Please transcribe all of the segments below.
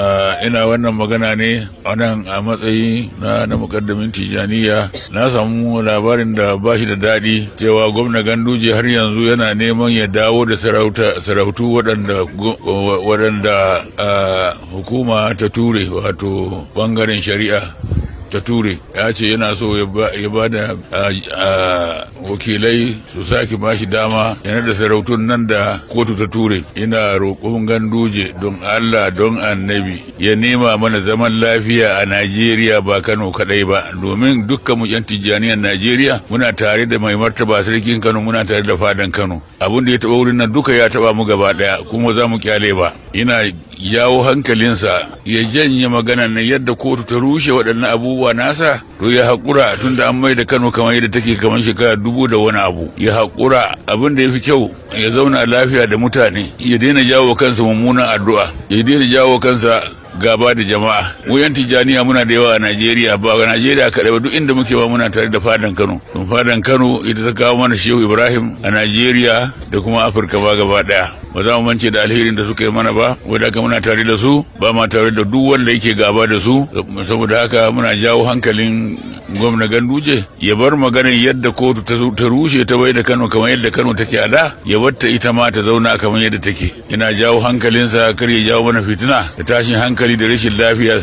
Ah, ina wannan magana ne a nan a matsayi na na mukaddamin tijaniya na samu labarin da ba shi da daɗi cewa gwamna ganduje har yanzu yana neman ya dawo da sarautu waɗanda ah, hukuma ta ture wato bangaren shari'a ta ture ya ce yana so ya ba da wakilai su sake ba shi dama yana da sarautun nan da kotu ta ture ina roƙon ganduje don allah don annabi ya nema mana zaman lafiya a najeriya ba kano kadai ba domin dukkan mu yan tijjaniyar najeriya muna tare da mai martaba sarkin kano muna tare da fadan kano abin da ya taɓa wurin nan duka ya taɓa mu gaba ɗaya kuma za mu kyale ba ina Yawo hankalinsa ya janye magana na yadda kotu ta rushe waɗannan abubuwa nasa to ya haƙura tun da an mai da kano kamar yadda take kamar shekara dubu da wani abu ya haƙura abin da ya fi kyau ya zauna lafiya da mutane ya daina jawo kansa mummunan addu'a ya daina jawo kansa gaba da jama'a mu yan muna da yawa a najeriya ba ga najeriya kaɗai ba duk inda muke ba muna tare da fadan kano don fadan kano ita ta kawo mana shehu ibrahim a najeriya da kuma afirka ba gaba ɗaya ba za mu mance da alherin da suka yi mana ba wadda haka muna tare da su ba ma tare da duk wanda yake gaba da su saboda haka muna jawo hankalin gwamna ganduje ya bar maganar yadda kotu ta rushe ta bai da kano kamar yadda kano take a da ya batta ita ma ta zauna kamar yadda take ina jawo hankalinsa kar ya jawo mana fitina da tashin hankali da rashin lafiya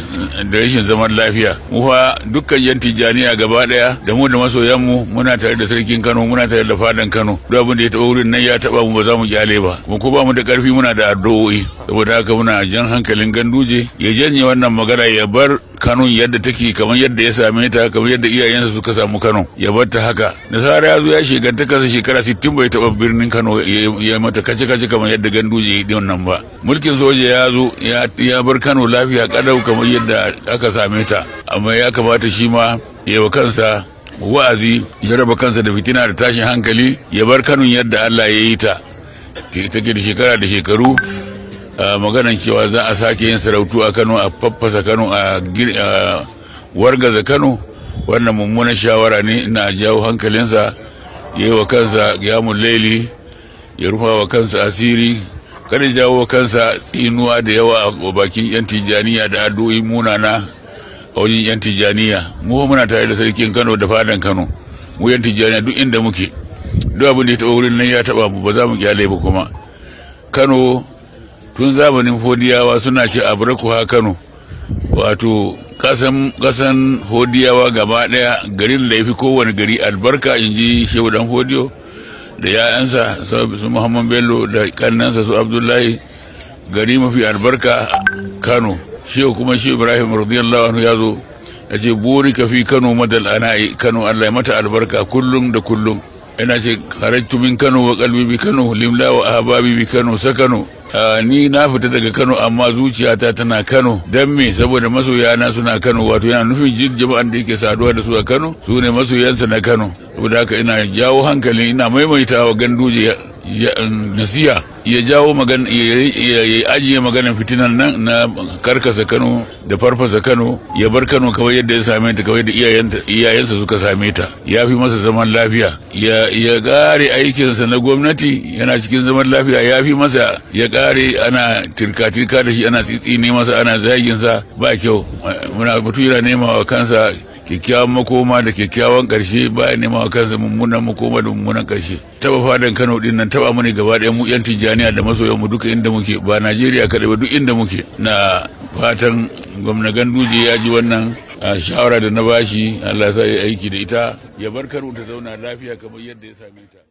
da rashin zaman lafiya mu fa dukkan yan tijjaniya gaba daya da mu da masoyan mu muna tare da sarkin kano muna tare da fadan kano duk abin da ya taba wurin nan ya taba mu ba za mu kyale ba mu ko ba mu da karfi muna da addu'o'i saboda haka muna jan hankalin ganduje ya janye wannan magana ya bar kanun yadda take kamar yadda ya same ta kamar yadda iyayensa suka samu kano ya bar ta haka nasara ya zo ya shiganta kansa shekara sittin bai taba birnin kano ya mata kace kace kamar yadda ganduje ya yi wannan ba mulkin soja ya zo ya bar kano lafiya kadau kamar yadda aka same ta amma ya kamata shi ma ya wa kansa wa'azi ya raba kansa da fitina da tashin hankali ya bar kanun yadda Allah ya yi ta take da shekara da shekaru Eh, maganan cewa za a sake yin sarautu a kano a faffasa kano a wargaza kano wannan mummunan shawara ne ina jawo hankalinsa ya yi wa kansa gyamun laili ya rufa wa kansa asiri kada jawo wa kansa tsinuwa da yawa a bakin yan tijaniya da addu'o'i munana a wajen yan tijaniya mu muna tare da sarkin kano da fadan kano mu yan tijaniya duk inda muke duk abin da ya taɓa wurin nan ya taɓa mu ba za mu kyale ba kuma kano tun zamanin hodiyawa suna ce abraku ha kano wato kasan hodiyawa gaba daya garin da ya fi kowane gari albarka in ji shehu dan hodiyo da ya'yansa su muhammad bello da kannansa su abdullahi gari mafi albarka kano shehu kuma shehu ibrahim radiyallahu anhu ya zo ya ce buri ka fi kano madal ana'i kano allah mata albarka kullum da kullum ina ce kharajtu min kano wa qalbi bi kano limla wa ahbabi bi kano sakano ni na fita daga Kano amma zuciyata tana Kano dan me saboda masoyana suna Kano wato yana nufin jin jama'an da yake saduwa da su a Kano su ne masoyansa na Kano saboda haka ina jawo hankali ina maimaitawa ganduje nasiha ya jawo ya ajiye maganin fitinan nan na karkasa kano da farfasa kano ya bar kano kawai yadda ya same ta kawai da iyayensa suka same ta ya fi masa zaman lafiya ya kare aikinsa na gwamnati yana cikin zaman lafiya ya fi masa ya kare ana tirka-tirka da shi ana tsitsi ne masa ana zaginsa ba kyau muna mutu yana nema wa kansa kyakkyawan makoma da kyakkyawan karshe baya nema wa kansa mummunan makoma da mummunan karshe taba fadan Kano din nan taba mu ne gaba ɗaya mu yan Tijjaniya da masoyan mu duka inda muke ba Najeriya kaɗai ba duk inda muke na fatan gwamna Ganduje ya ji wannan a shawara da na bashi Allah sa ya aiki da ita ya bar mu ta zauna lafiya kamar yadda ya same ta